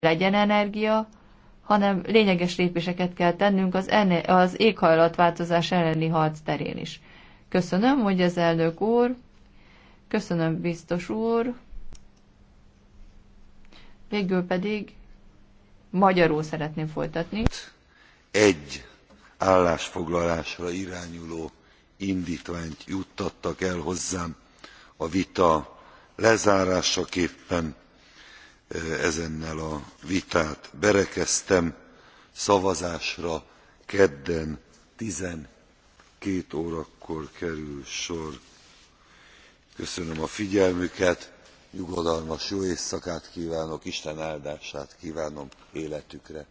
legyen energia, hanem lényeges lépéseket kell tennünk az, enne, az éghajlatváltozás elleni harc terén is. Köszönöm, hogy az elnök úr, köszönöm biztos úr, végül pedig magyarul szeretném folytatni. Egy állásfoglalásra irányuló indítványt juttattak el hozzám a vita lezárásaképpen Eh, ezennel a vitát berekeztem szavazásra kedden twelve órakor kerül sor. köszönöm a figyelmüket nyugodalmas jó éjszakát kvánok isten áldását kvánom életükre.